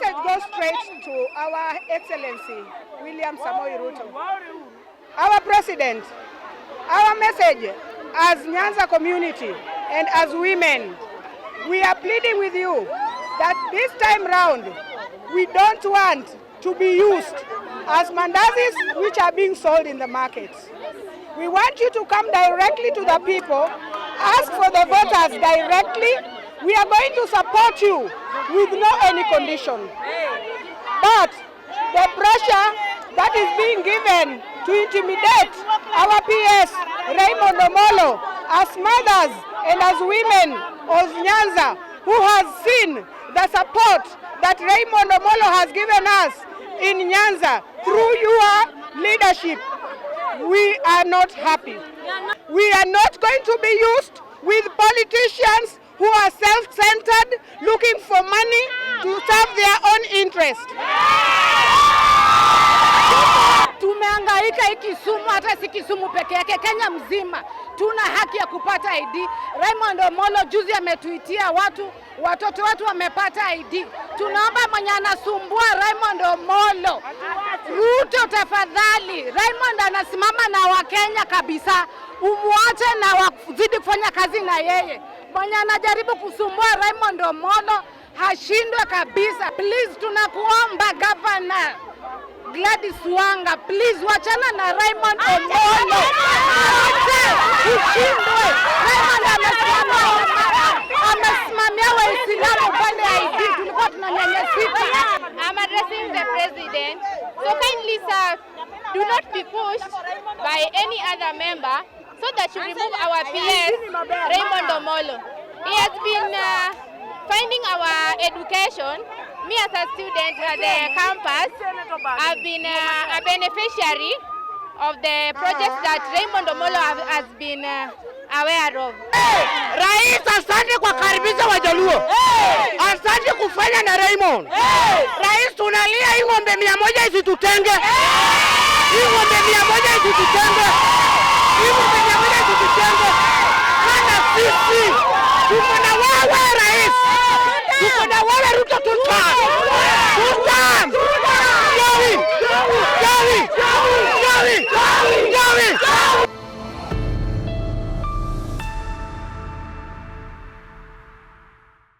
message goes straight to our excellency William Samoei Ruto, our president. Our message as Nyanza community and as women, we are pleading with you that this time round we don't want to be used as mandazis which are being sold in the markets. We want you to come directly to the people, ask for the voters directly. We are going to support you with no any condition. But the pressure that is being given to intimidate our PS Raymond Omolo as mothers and as women of Nyanza who has seen the support that Raymond Omolo has given us in Nyanza through your leadership. We are not happy. We are not going to be used with politicians who are self-centered, looking for money to serve their own interest. Tumehangaika hii Kisumu, hata si Kisumu peke yake, Kenya mzima tuna haki ya kupata ID. Raymond Omolo juzi ametuitia watu, watoto watu wamepata ID. Tunaomba mwenye anasumbua Raymond Omolo, Ruto tafadhali, Raymond anasimama na Wakenya kabisa, umwache na wazidi kufanya kazi na yeye mwenye anajaribu kusumbua Raymond Omolo hashindwe kabisa. Please, tunakuomba gavana Gladys Wanga, please wachana na Raymond Omolo, ushindwe. Raymond amesimamia Waislamu pale ID, tulikuwa tunanyanyasika. I'm addressing the president. So kindly sir, do not be pushed by any other member so that she remove our PS, Raymond Omolo. He has been uh, finding our education. Me as a student at uh, the campus, I've been uh, a beneficiary of the projects ah. that Raymond Omolo have, has been uh, aware of. Rais, asante kwa karibisha Wajaluo. asante kufanya na Raymond. Rais, tunalia hii ng'ombe mia moja isitutenge. hii ng'ombe mia moja isitutenge. E não pegar